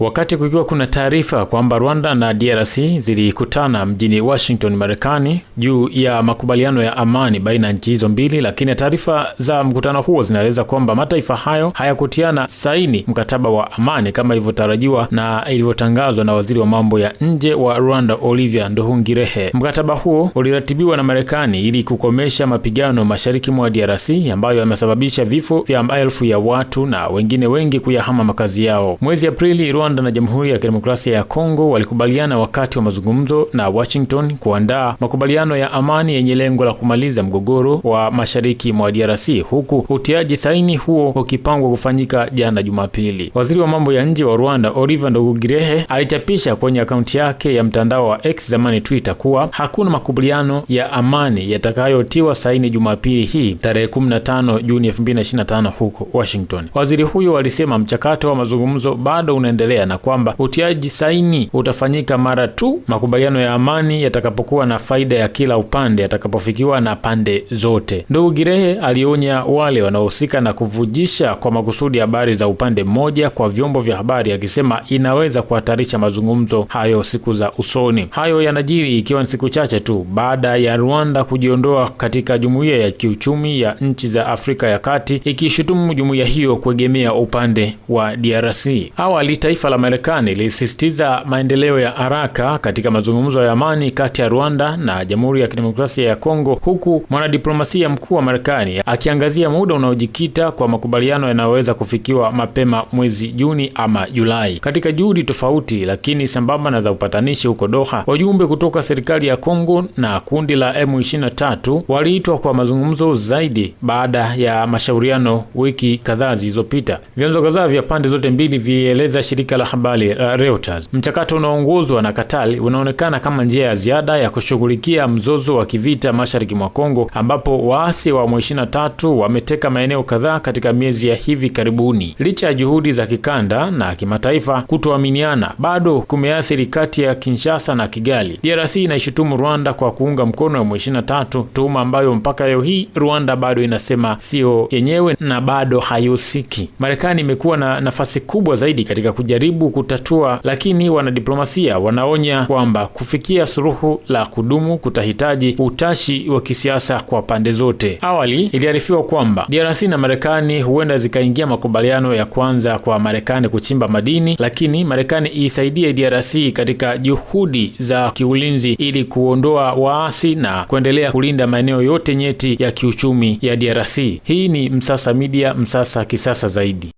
Wakati kukiwa kuna taarifa kwamba Rwanda na DRC zilikutana mjini Washington, Marekani juu ya makubaliano ya amani baina ya nchi hizo mbili, lakini taarifa za mkutano huo zinaeleza kwamba mataifa hayo hayakutiana saini mkataba wa amani kama ilivyotarajiwa na ilivyotangazwa na waziri wa mambo ya nje wa Rwanda Olivia Nduhungirehe. Mkataba huo uliratibiwa na Marekani ili kukomesha mapigano mashariki mwa DRC ambayo yamesababisha vifo vya maelfu ya watu na wengine wengi kuyahama makazi yao. Mwezi Aprili Rwanda na Jamhuri ya Kidemokrasia ya Kongo walikubaliana wakati wa mazungumzo na Washington kuandaa makubaliano ya amani yenye lengo la kumaliza mgogoro wa mashariki mwa DRC huku utiaji saini huo ukipangwa kufanyika jana Jumapili. Waziri wa mambo ya nje wa Rwanda Oliver Ndugugirehe alichapisha kwenye akaunti yake ya mtandao wa X zamani Twitter kuwa hakuna makubaliano ya amani yatakayotiwa saini Jumapili hii tarehe 15 Juni 2025 huko Washington. Waziri huyo alisema mchakato wa mazungumzo bado unaendelea kuendelea na kwamba utiaji saini utafanyika mara tu makubaliano ya amani yatakapokuwa na faida ya kila upande yatakapofikiwa na pande zote. Ndugu Girehe alionya wale wanaohusika na kuvujisha kwa makusudi habari za upande mmoja kwa vyombo vya habari, akisema inaweza kuhatarisha mazungumzo hayo siku za usoni. Hayo yanajiri ikiwa ni siku chache tu baada ya Rwanda kujiondoa katika jumuiya ya kiuchumi ya nchi za Afrika ya Kati, ikishutumu jumuiya hiyo kuegemea upande wa DRC. Awali taifa taifa la Marekani lilisisitiza maendeleo ya haraka katika mazungumzo ya amani kati ya Rwanda na Jamhuri ya Kidemokrasia ya Kongo, huku mwanadiplomasia mkuu wa Marekani akiangazia muda unaojikita kwa makubaliano yanayoweza kufikiwa mapema mwezi Juni ama Julai. Katika juhudi tofauti lakini sambamba na za upatanishi huko Doha, wajumbe kutoka serikali ya Kongo na kundi la M23 waliitwa kwa mazungumzo zaidi baada ya mashauriano wiki kadhaa zilizopita. Vyanzo kadhaa vya pande zote mbili vieleza shirika shirika la habari la uh, Reuters. Mchakato unaoongozwa na katali unaonekana kama njia ya ziada ya kushughulikia mzozo wa kivita mashariki mwa Kongo, ambapo waasi wa mwishina tatu wameteka maeneo kadhaa katika miezi ya hivi karibuni. Licha ya juhudi za kikanda na kimataifa, kutoaminiana bado kumeathiri kati ya Kinshasa na Kigali. DRC inaishutumu Rwanda kwa kuunga mkono wa mwishina tatu tuhuma ambayo mpaka leo hii Rwanda bado inasema sio yenyewe na bado haihusiki. Marekani imekuwa na nafasi kubwa zaidi katika kujaribu wanajaribu kutatua, lakini wanadiplomasia wanaonya kwamba kufikia suluhu la kudumu kutahitaji utashi wa kisiasa kwa pande zote. Awali iliarifiwa kwamba DRC na Marekani huenda zikaingia makubaliano ya kwanza kwa Marekani kuchimba madini, lakini Marekani isaidie DRC katika juhudi za kiulinzi ili kuondoa waasi na kuendelea kulinda maeneo yote nyeti ya kiuchumi ya DRC. Hii ni Msasa Media, Msasa kisasa zaidi.